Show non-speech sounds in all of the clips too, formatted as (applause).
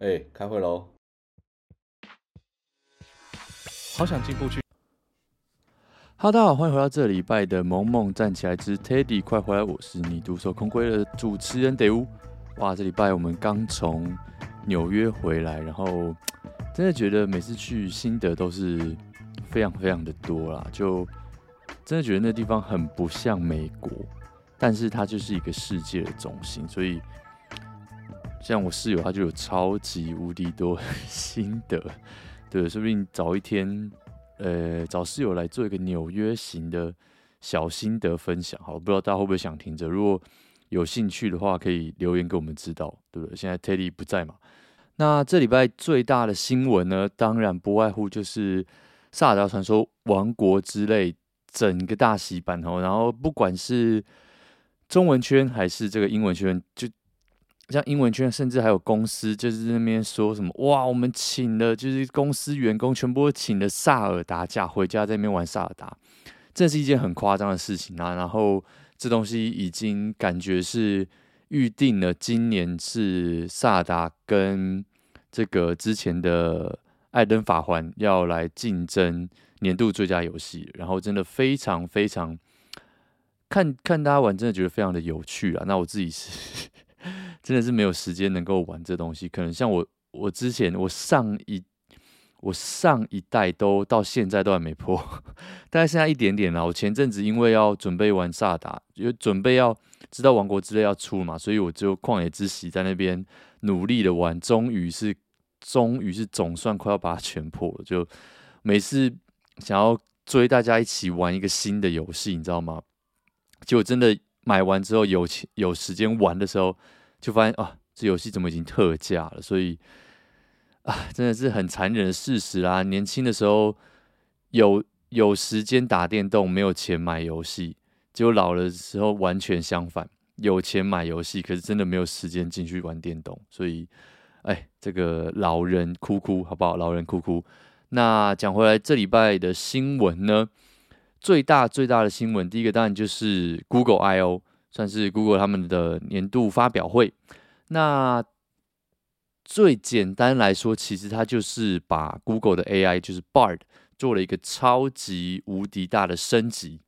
哎、欸，開會嘍！好想進不去。Hello，大家好，歡迎回到這禮拜的萌萌站起來之 Teddy，快回來！我是你獨守空閨的主持人德烏。哇，這禮、個、拜我們剛從紐約回來，然後真的覺得每次去心得都是非常非常的多啦，就真的覺得那地方很不像美國，但是它就是一個世界的中心，所以。像我室友他就有超級無敵多 (laughs) 心得，對，說不定找一天，呃，找室友來做一個紐約型的小心得分享，好，不知道大家會不會想聽着？如果有興趣的話，可以留言給我們知道，對不對？現在 Teddy 不在嘛？那這禮拜最大的新聞呢，當然不外乎就是《薩爾達傳說：王國之淚》整個大洗版。哦，然後不管是中文圈還是這個英文圈，就。像英文圈，甚至還有公司，就是那邊說什麼哇，我們請了，就是公司員工全部都請了《薩爾達》假回家，在那邊玩《薩爾達》，這是一件很誇張的事情啊。然後這東西已經感覺是預定了，今年是《薩爾達》跟這個之前的《艾登法環》要來競爭年度最佳遊戲，然後真的非常非常看看大家玩，真的覺得非常的有趣啊。那我自己是。 (laughs) 真的是沒有時間能夠玩這東西，可能像我，我之前我上一我上一代都到現在都還沒破，但是現在一點點了。我前陣子因為要準備玩薩達，就準備要知道王國之淚要出了嘛，所以我就曠野之息在那邊努力的玩，終於是終於是總算快要把它全破了。就每次想要追大家一起玩一個新的遊戲，你知道嗎？就真的買完之後有錢有時間玩的時候。就發現啊，這遊戲怎麼已經特價了？所以啊，真的是很殘忍的事實啦。年輕的時候有有時間打電動，沒有錢買遊戲，結果老了時候完全相反，有錢買遊戲，可是真的沒有時間進去玩電動。所以，哎，這個老人哭哭，好不好？老人哭哭。那講回來，這禮拜的新聞呢，最大最大的新聞，第一個當然就是 Google I O。算是 Google 他們的年度發表會。那最簡單來說，其實它就是把 Google 的 AI 就是 Bard 做了一個超級無敵大的升級。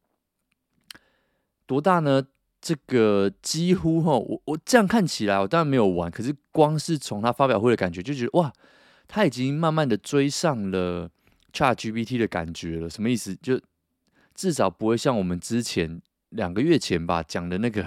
多大呢？這個幾乎哈，我我這樣看起來，我當然沒有玩，可是光是從它發表會的感覺，就覺得哇，它已經慢慢的追上了 ChatGPT 的感覺了。什麼意思？就至少不會像我們之前。兩個月前吧，講的那個，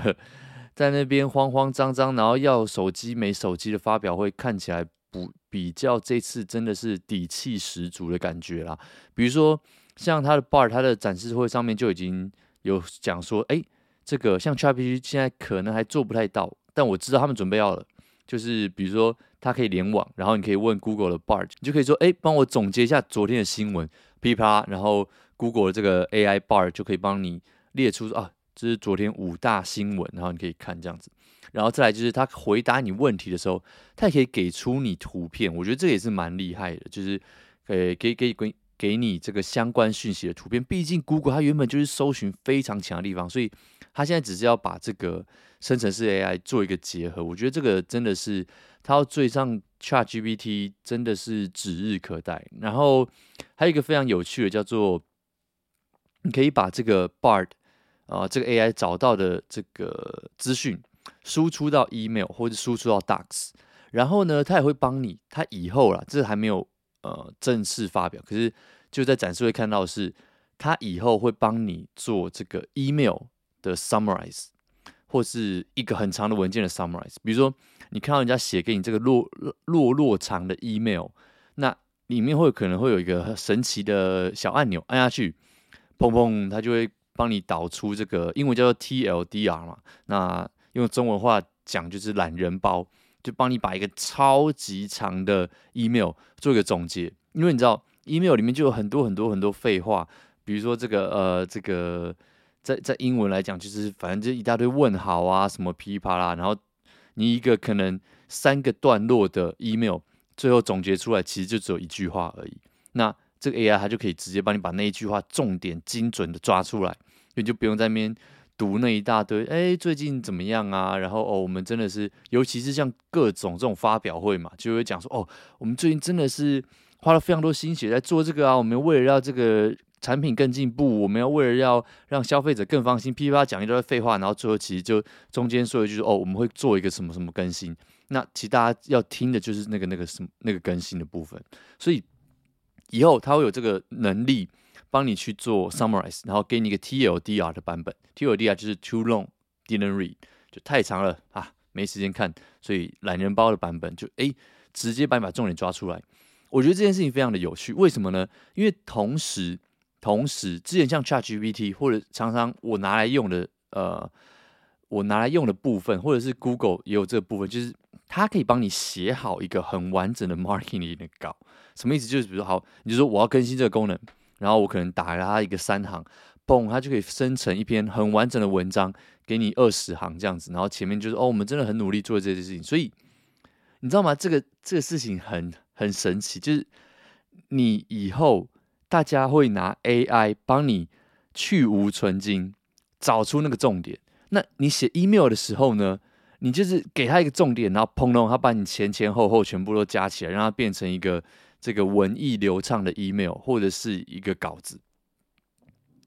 在那邊慌慌張張，然後要手機沒手機的發表會，看起來不比較這次真的是底氣十足的感覺啦。比如說，像他的 Bard，他的展示會上面就已經有講說，哎，這個像 ChatGPT 現在可能還做不太到，但我知道他們準備要了。就是比如說，它可以聯網，然後你可以問 Google 的 Bard，你就可以說，哎，幫我總結一下昨天的新聞，噼啪，啪，啪，然後 Google 的這個 AI Bard 就可以幫你。列出啊，這、就是昨天五大新聞，然後你可以看這樣子，然後再來就是他回答你問題的時候，他也可以給出你圖片，我覺得這個也是蠻厲害的，就是呃、欸、給給給給你這個相關訊息的圖片，畢竟谷歌它原本就是搜尋非常強的地方，所以它現在只是要把這個生成式 AI 做一個結合，我覺得這個真的是它要追上 ChatGPT，真的是指日可待。然後還有一個非常有趣的叫做，你可以把這個 Bard 啊、呃，這個 AI 找到的這個資訊輸出到 email 或者輸出到 docs，然後呢，它也會幫你。它以後啦，這還沒有呃正式發表，可是就在展示會看到是它以後會幫你做這個 email 的 summarize 或是一個很長的文件的 summarize，比如說你看到人家寫給你這個落落落長的 email，那裡面會可能會有一個很神奇的小按鈕，按下去，砰砰，它就會。幫你導出，這個英文叫做 TLDR 嘛，那用中文話講就是懶人包，就幫你把一個超級長的 email 做一個總結，因為你知道 email 裡面就有很多很多很多廢話，比如說這個呃這個在在英文來講就是反正就一大堆問好啊什麼噼里啪啦然後你一個可能三個段落的 email 最後總結出來其實就只有一句話而已，那。這個 AI 它就可以直接幫你把那一句話重點精準的抓出來，你就不用在那邊讀那一大堆。哎，最近怎麼樣啊？然後哦，我們真的是，尤其是像各種這種發表會嘛，就會講說哦，我們最近真的是花了非常多心血在做這個啊。我們為了讓這個產品更進步，我們要為了要讓消費者更放心，劈哩啪啦講一堆廢話，然後最後其實就中間說一句，就是，哦，我們會做一個什麼什麼更新。那其實大家要聽的就是那個那個什麼那個更新的部分，所以。以後他會有這個能力幫你去做 summarize，然後給你一個 TLDR 的版本。TLDR 就是 too long didn't read，就太長了啊，沒時間看，所以懶人包的版本就誒，直接幫你把重點抓出來。我覺得這件事情非常的有趣，為什麼呢？因為同時，同時之前像 ChatGPT 或者常常我拿來用的，呃，我拿來用的部分，或者是 Google 也有這個部分，就是。它可以幫你寫好一個很完整的 marketing 的稿，什麼意思？就是比如說，好，你就說我要更新這個功能，然後我可能打它一個三行，嘣，它就可以生成一篇很完整的文章給你二十行這樣子，然後前面就是哦，我們真的很努力做這件事情，所以你知道嗎？這個這個事情很很神奇，就是你以後大家會拿 AI 幫你去蕪存菁，找出那個重點。那你寫 email 的時候呢？你就是給他一個重點，然後砰咚，他把你前前後後全部都加起來，讓他變成一個這個文藝流暢的 email，或者是一個稿子。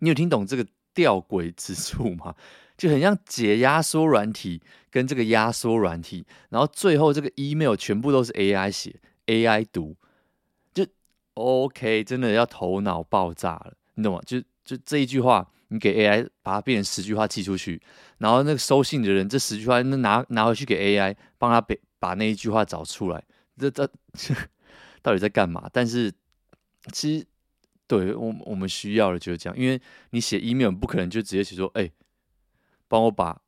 你有聽懂這個吊詭之處嗎？就很像解壓縮軟體跟這個壓縮軟體，然後最後這個 email 全部都是 AI 寫，AI 讀，就 OK，真的要頭腦爆炸了，你懂嗎？就就這一句話。你給 AI 把它變成十句話寄出去，然後那個收信的人這十句話那拿拿回去給 AI 幫他把把那一句話找出來，這這到底在幹嘛？但是其實對我我們需要的就是這樣，因為你寫 email 不可能就直接寫說，哎，幫我把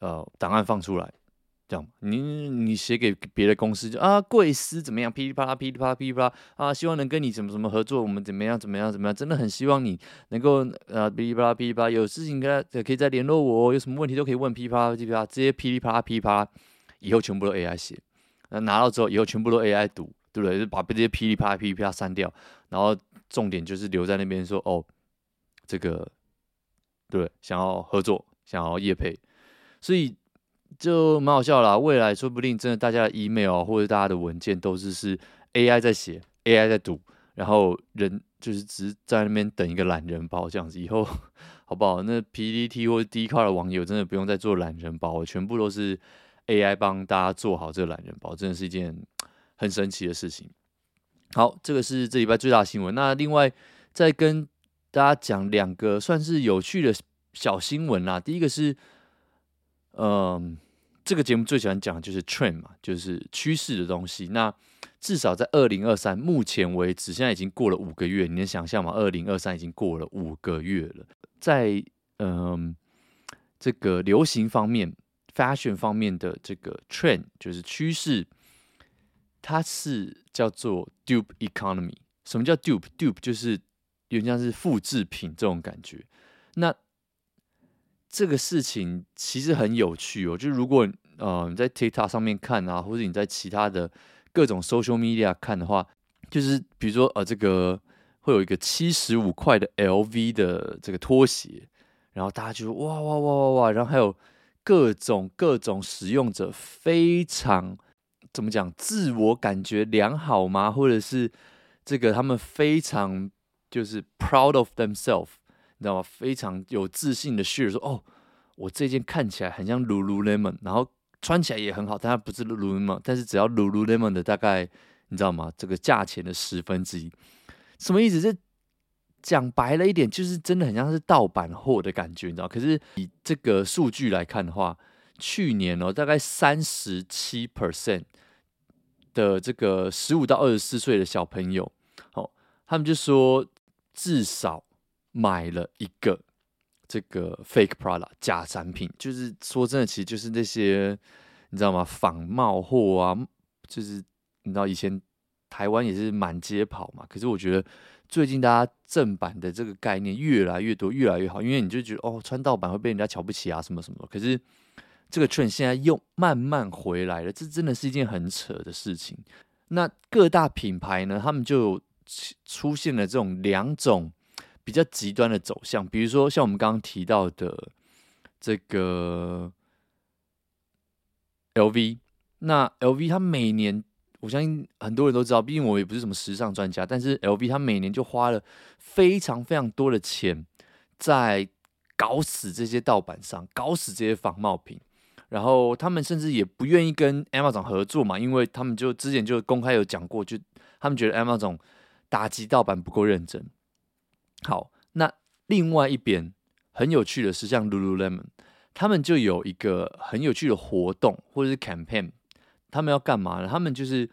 呃檔案放出來。這樣，你你寫給別的公司就啊，貴司怎麼樣？噼裡啪啦，噼裡啪啦，噼裡啪啦啊，希望能跟你怎麼怎麼合作？我們怎麼樣怎麼樣怎麼樣？真的很希望你能夠呃，噼裡啪啦，噼裡啪啦，有事情可以可以再聯絡我，有什麼問題都可以問噼裡啪啦，噼裡啪啦，直接噼裡啪啦，噼裡啪啦，以後全部都 AI 寫，那拿到之後以後全部都 AI 讀，對不對？就把這些噼裡啪啦，噼裡啪啦刪掉，然後重點就是留在那邊說哦，這個對，想要合作，想要業配，所以。就蠻好笑啦，未來說不定真的大家的 email 啊，或者大家的文件，都是是 AI 在寫，AI 在讀，然後人就是只是在那邊等一個懶人包這樣子，以後好不好？那 PTT 或者 Dcard 的網友真的不用再做懶人包，全部都是 AI 幫大家做好這個懶人包，真的是一件很神奇的事情。好，這個是這禮拜最大新聞。那另外再跟大家講兩個算是有趣的小新聞啦，第一個是。嗯，這個節目最喜歡講的就是 trend 嘛，就是趨勢的東西。那至少在二零二三目前為止，現在已經過了五個月，你能想象嗎？二零二三已經過了五個月了。在嗯，這個流行方面，fashion 方面的這個 trend 就是趨勢，它是叫做 dupe economy。什麼叫 dupe？Dupe 就是有點像是複製品這種感覺。那這個事情其實很有趣哦，就如果呃你在 TikTok 上面看啊，或者你在其他的各種 social media 看的話，就是比如說呃這個會有一個七十五塊的 LV 的這個拖鞋，然後大家就說哇哇哇哇哇，然後還有各種各種使用者非常怎麼講，自我感覺良好嘛，或者是這個他們非常就是 proud of themselves。你知道嗎？非常有自信的 share 說：“哦，我這件看起來很像 Lululemon，然後穿起來也很好。但它不是 Lululemon，但是只要 Lululemon 的大概，你知道嗎？這個價錢的十分之一，什麼意思？這講白了一點，就是真的很像是盜版貨的感覺，你知道？可是以這個數據來看的話，去年哦，大概三十七 percent 的這個十五到二十四歲的小朋友，哦，他們就說至少。”買了一個這個 fake product 假產品，就是說真的，其實就是那些你知道嗎？仿冒貨啊，就是你知道以前台灣也是滿街跑嘛。可是我覺得最近大家正版的這個概念越來越多，越來越好，因為你就覺得哦，穿盜版會被人家瞧不起啊，什麼什麼。可是這個 trend 現在又慢慢回來了，這真的是一件很扯的事情。那各大品牌呢，他們就出現了這種兩種，比較極端的走向，比如說像我們剛剛提到的這個 L V，那 L V 它每年，我相信很多人都知道，畢竟我也不是什麼時尚專家，但是 L V 他每年就花了非常非常多的錢在搞死這些盜版上，搞死這些仿冒品，然後他們甚至也不願意跟 a m z o 總合作嘛，因為他們就之前就公開有講過，就他們覺得 a m z o 總打擊盜版不夠認真。好，那另外一邊很有趣的是，像 Lululemon，他們就有一個很有趣的活動或者是 campaign，他們要幹嘛呢？他們就是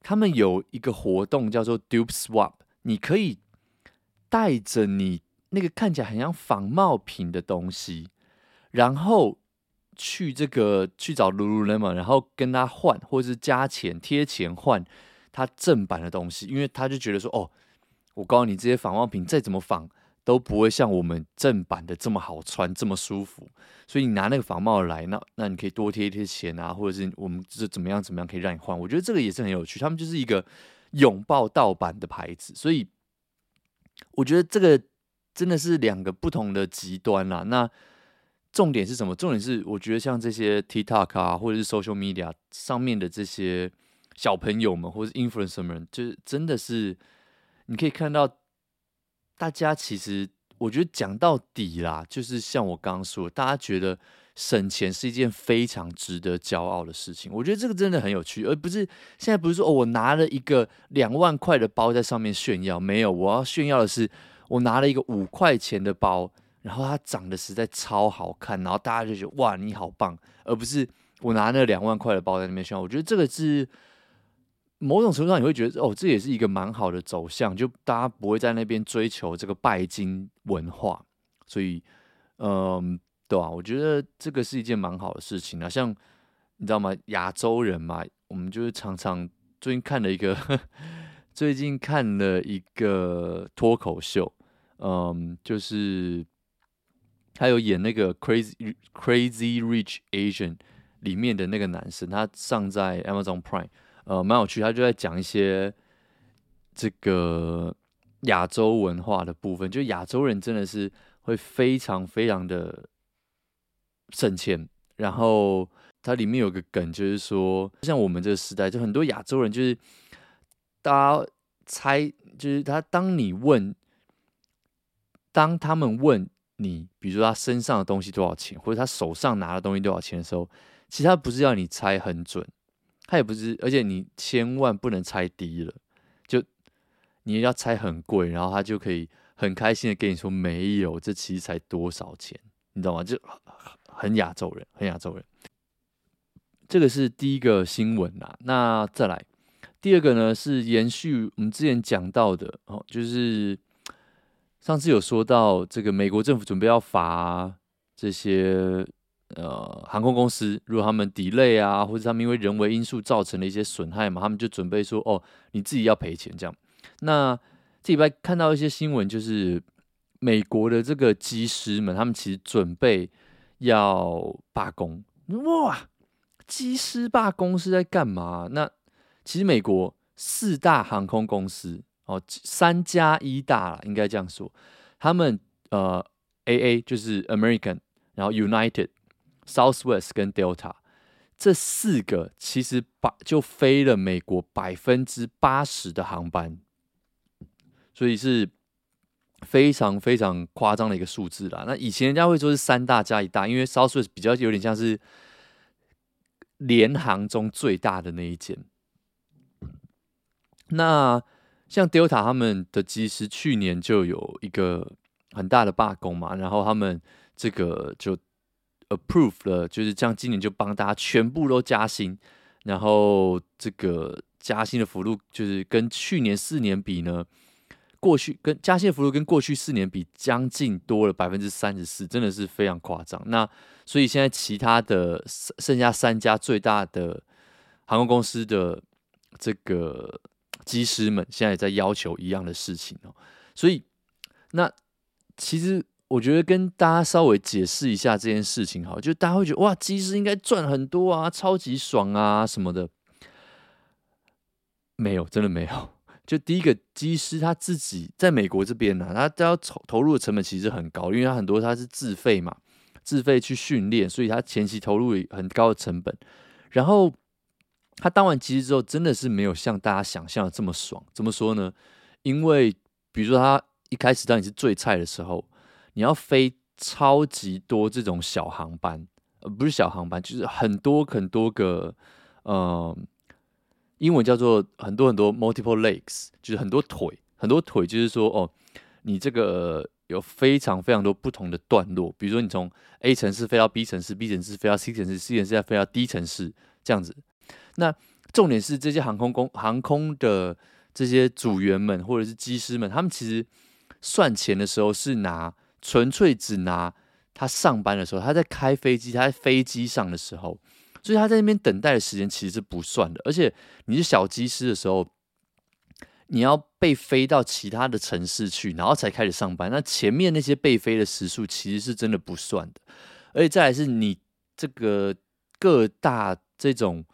他們有一個活動叫做 Dupe Swap，你可以帶着你那個看起來很像仿冒品的東西，然後去這個去找 Lululemon，然後跟他換，或者是加錢貼錢換他正版的東西，因為他就覺得說哦。我告訴你，這些仿冒品再怎麼仿都不會像我們正版的這麼好穿，這麼舒服。所以你拿那個仿冒來，那那你可以多貼一些錢啊，或者是我們是怎麼樣怎麼樣可以讓你換。我覺得這個也是很有趣，他們就是一個擁抱盜版的牌子。所以我覺得這個真的是兩個不同的極端啦。那重點是什麼？重點是我覺得像這些 TikTok 啊，或者是 Social Media 上面的這些小朋友們，或者 Influencer 們，就是真的是。你可以看到，大家其實，我覺得講到底啦，就是像我剛剛說，大家覺得省錢是一件非常值得驕傲的事情。我覺得這個真的很有趣，而不是現在不是說哦，我拿了一個兩萬塊的包在上面炫耀，沒有，我要炫耀的是我拿了一個五塊錢的包，然後它長得實在超好看，然後大家就覺得哇，你好棒，而不是我拿了那兩萬塊的包在那邊炫耀。我覺得這個是。某種程度上，你會覺得哦，這也是一個蠻好的走向，就大家不會在那邊追求這個拜金文化，所以，嗯，對啊，我覺得這個是一件蠻好的事情啊。像你知道嗎？亞洲人嘛，我們就是常常最近看了一個，最近看了一個脫口秀，嗯，就是他有演那個《Crazy Crazy Rich Asian》裡面的那個男生，他上在 Amazon Prime。呃，蠻有趣，他就在講一些這個亞洲文化的部分。就亞洲人真的是會非常非常的省錢。然後它裡面有個梗，就是說，像我們這個時代，就很多亞洲人就是，大家猜，就是他當你問，當他們問你，比如說他身上的東西多少錢，或者他手上拿的東西多少錢的時候，其實他不是要你猜很準。他也不是，而且你千萬不能猜低了，就你要猜很貴，然後他就可以很開心的跟你說沒有，這其實才多少錢，你知道嗎？就很亞洲人，很亞洲人。這個是第一個新聞啦。那再來第二個呢，是延續我們之前講到的哦，就是上次有說到這個美國政府準備要罰這些。呃，航空公司如果他們 delay 啊，或者他們因為人為因素造成了一些損害嘛，他們就準備說：“哦，你自己要賠錢。”這樣。那這禮拜看到一些新聞，就是美國的這個機師們，他們其實準備要罷工。哇，機師罷工是在幹嘛？那其實美國四大航空公司哦，三加一大啦，應該這樣說。他們呃，AA 就是 American，然後 United，Southwest 跟 Delta 這四個其實把就飛了美國百分之八十的航班，所以是非常非常誇張的一個數字啦。那以前人家會說是三大加一大，因為 Southwest 比較有點像是聯航中最大的那一間。那像 Delta 他們的機師去年就有一個很大的罷工嘛，然後他們這個就。approve 了，就是將今年就幫大家全部都加薪，然後這個加薪的幅度就是跟去年四年比呢，過去跟加薪的幅度跟過去四年比將近多了百分之三十四，真的是非常誇張。那所以現在其他的剩下三家最大的航空公司的這個機師們，現在也在要求一樣的事情哦。所以那其實。我覺得跟大家稍微解釋一下這件事情好，就大家會覺得哇，機師應該賺很多啊，超級爽啊什麼的，沒有，真的沒有。就第一個機師他自己在美國這邊呢，啊，他要投投入的成本其實很高，因為他很多他是自費嘛，自費去訓練，所以他前期投入很高的成本。然後他當完機師之後，真的是沒有像大家想象的這麼爽。怎麼說呢？因為比如說他一開始當你是最菜的時候。你要飛超級多這種小航班，呃，不是小航班，就是很多很多個，呃，英文叫做很多很多 multiple legs，就是很多腿，很多腿，就是說哦，你這個有非常非常多不同的段落，比如說你從 A 城市飛到 B 城市，B 城市飛到 C 城市，C 城市再飛到 D 城市這樣子。那重點是這些航空公航空的這些組員們或者是機師們，他們其實算錢的時候是拿。純粹只拿他上班的時候，他在開飛機，他在飛機上的時候，所以他在那邊等待的時間其實是不算的。而且你是小機師的時候，你要被飛到其他的城市去，然後才開始上班。那前面那些被飛的時數其實是真的不算的。而且再來是你這個各大這種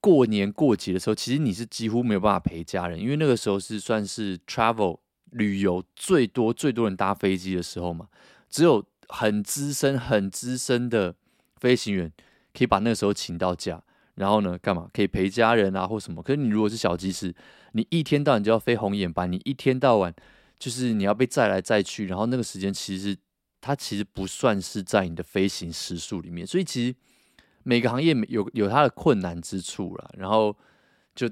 過年過節的時候，其實你是幾乎沒有辦法陪家人，因為那個時候是算是 travel。旅遊最多最多人搭飛機的時候嘛，只有很資深很資深的飛行員可以把那個時候請到假，然後呢，幹嘛可以陪家人啊或什麼？可是你如果是小機師，你一天到晚就要飛紅眼班，你一天到晚就是你要被載來載去，然後那個時間其實它其實不算是在你的飛行時數裡面，所以其實每個行業有有它的困難之處了。然後就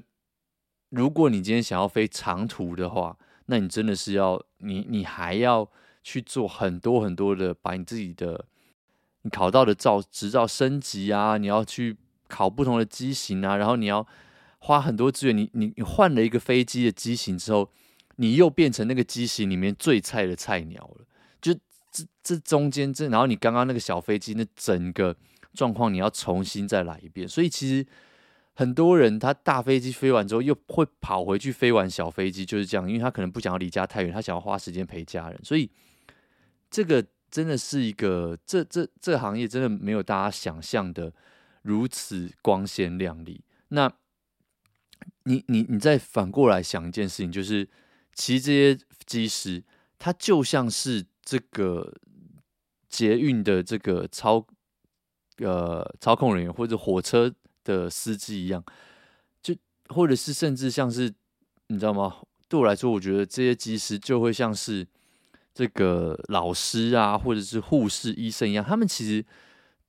如果你今天想要飛長途的話，那你真的是要你，你還要去做很多很多的，把你自己的你考到的照執照升級啊，你要去考不同的機型啊，然後你要花很多資源。你你你換了一個飛機的機型之後，你又變成那個機型裡面最菜的菜鳥了。就這這中間這，然後你剛剛那個小飛機那整個狀況，你要重新再來一遍。所以其實。很多人他大飛機飛完之後又會跑回去飛完小飛機，就是這樣，因為他可能不想要離家太遠，他想要花時間陪家人，所以這個真的是一個，這這這行業真的沒有大家想象的如此光鮮亮麗。那你你你再反過來想一件事情，就是其實這些機師他就像是這個捷運的這個操呃操控人員或者火車，的司機一樣，就或者是甚至像是你知道嗎？對我來說，我覺得這些機師就會像是這個老師啊，或者是護士、醫生一樣，他們其實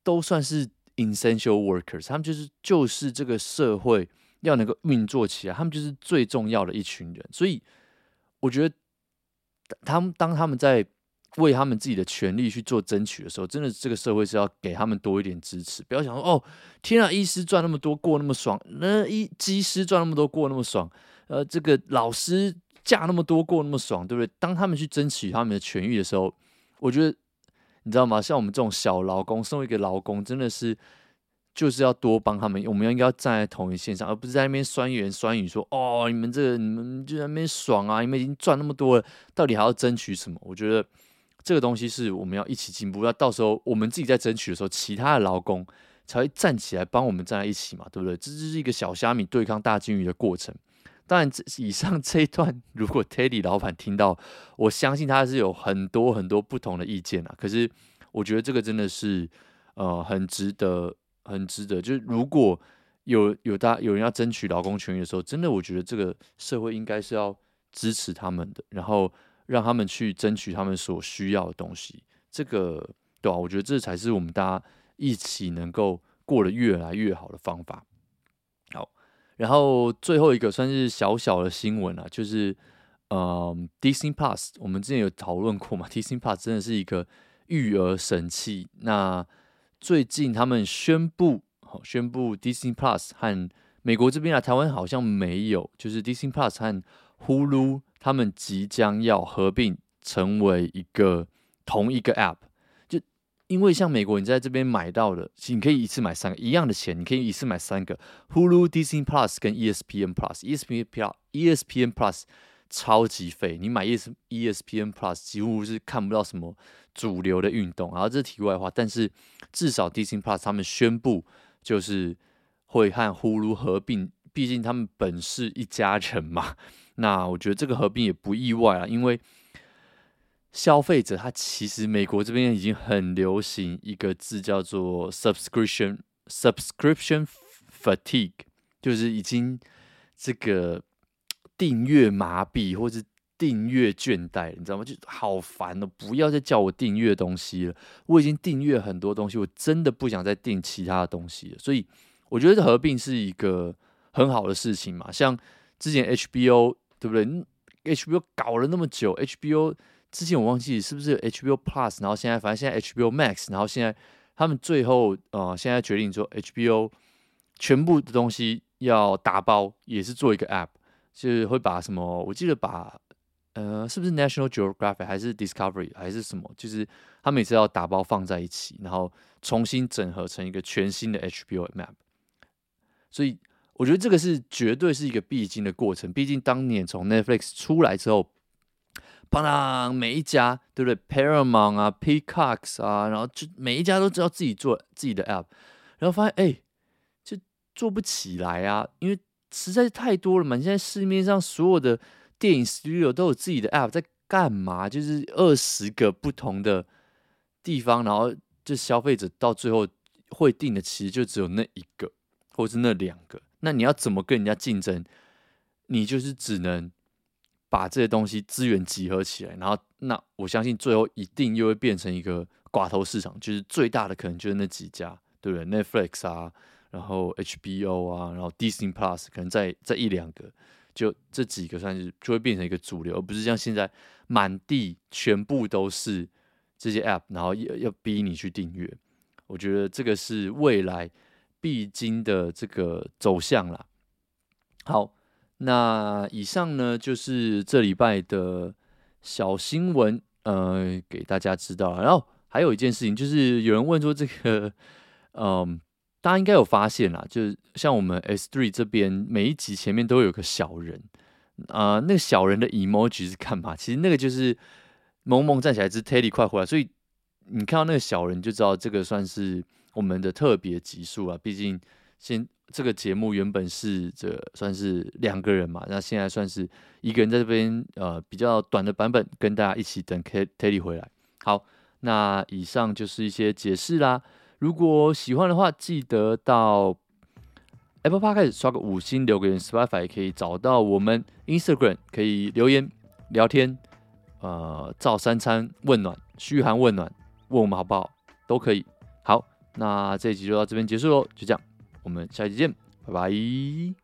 都算是 essential workers。他們就是就是這個社會要能夠運作起來，他們就是最重要的一群人。所以我覺得他們當他們在。為他們自己的權利去做爭取的時候，真的這個社會是要給他們多一點支持。不要想說哦，天啊，醫師賺那麼多過那麼爽，那、呃、機師賺那麼多過那麼爽，呃，這個老師假那麼多過那麼爽，對不對？當他們去爭取他們的權益的時候，我覺得你知道嗎？像我們這種小勞工，身為一個勞工，真的是就是要多幫他們。我們應該要站在同一線上，而不是在那邊酸言酸語說哦，你們這個你們就在那邊爽啊，你們已經賺那麼多了，到底還要爭取什麼？我覺得。這個東西是我們要一起進步，要到時候我們自己在爭取的時候，其他的勞工才會站起來幫我們站在一起嘛，對不對？這就是一個小蝦米對抗大鯨魚的過程。當然這，以上這一段如果 Teddy 老闆聽到，我相信他是有很多很多不同的意見啊。可是，我覺得這個真的是，呃，很值得，很值得。就是如果有有大有人要爭取勞工權益的時候，真的，我覺得這個社會應該是要支持他們的。然後。讓他們去爭取他們所需要的東西，這個對吧、啊？我覺得這才是我們大家一起能夠過得越來越好的方法。好，然後最後一個算是小小的新聞啊，就是嗯、呃、，Disney Plus，我們之前有討論過嘛，Disney Plus 真的是一個育兒神器。那最近他們宣布，好，宣布 Disney Plus 和美國這邊啊，台灣好像沒有，就是 Disney Plus 和。Hulu 他們即將要合併成為一個同一個 App，就因為像美國，你在這邊買到的，你可以一次買三個一樣的錢，你可以一次買三個 Hulu Disney Plus 跟 ESPN Plus，ESPN Plus 超級廢，你買 ES，ESPN Plus 幾乎是看不到什麼主流的運動。然後這題外話，但是至少 Disney Plus 他們宣布就是會和 Hulu 合併。畢竟他們本是一家人嘛，那我覺得這個合併也不意外啊，因為消費者他其實美國這邊已經很流行一個字叫做 subscription subscription fatigue，就是已經這個訂閱麻痹或是訂閱倦怠，你知道嗎？就好煩哦、喔，不要再叫我訂閱東西了，我已經訂閱很多東西，我真的不想再訂其他的東西了。所以我覺得這合併是一個。很好的事情嘛，像之前 HBO 對不對？HBO 搞了那麼久，HBO 之前我忘記是不是 HBO Plus，然後現在反正現在 HBO Max，然後現在他們最後呃，現在決定說 HBO 全部的東西要打包，也是做一個 App，就是會把什麼，我記得把呃，是不是 National Geographic 還是 Discovery 還是什麼，就是他們也是要打包放在一起，然後重新整合成一個全新的 HBO Map，所以。我覺得這個是絕對是一個必經的過程。畢竟當年從 Netflix 出來之後，bang bang，每一家對不對？Paramount 啊，Peacocks 啊，然後就每一家都知道自己做自己的 app，然後發現哎、欸，就做不起來啊，因為實在是太多了嘛。現在市面上所有的電影 studio 都有自己的 app 在幹嘛？就是二十個不同的地方，然後就消費者到最後會訂的，其實就只有那一個，或是那兩個。那你要怎麼跟人家競爭？你就是只能把這些東西資源集合起來，然後那我相信最後一定又會變成一個寡頭市場，就是最大的可能就是那幾家，對不對？Netflix 啊，然後 HBO 啊，然後 Disney Plus，可能在這一兩個，就這幾個算是就會變成一個主流，而不是像現在滿地全部都是這些 App，然後要要逼你去訂閱。我覺得這個是未來。必經的這個走向了。好，那以上呢就是這禮拜的小新聞，呃，給大家知道了。然後還有一件事情，就是有人問說這個，嗯、呃，大家應該有發現啦，就是像我們 S3 這邊每一集前面都有個小人啊、呃，那個小人的 emoji 是幹嘛？其實那個就是萌萌站起來，是 Teddy 快回來。所以你看到那個小人，就知道這個算是。我們的特別集數啊，畢竟先這個節目原本是這個，算是兩個人嘛，那現在算是一個人在這邊呃，比較短的版本，跟大家一起等 Terry 回來。好，那以上就是一些解釋啦。如果喜歡的話，記得到 Apple Podcast 開始刷個五星留個言。Spotify 可以找到我們 Instagram，可以留言聊天，呃，照三餐溫暖噓寒問暖，問我們好不好都可以。好。那這一集就到這邊結束嘍，就這樣，我們下期見，拜拜。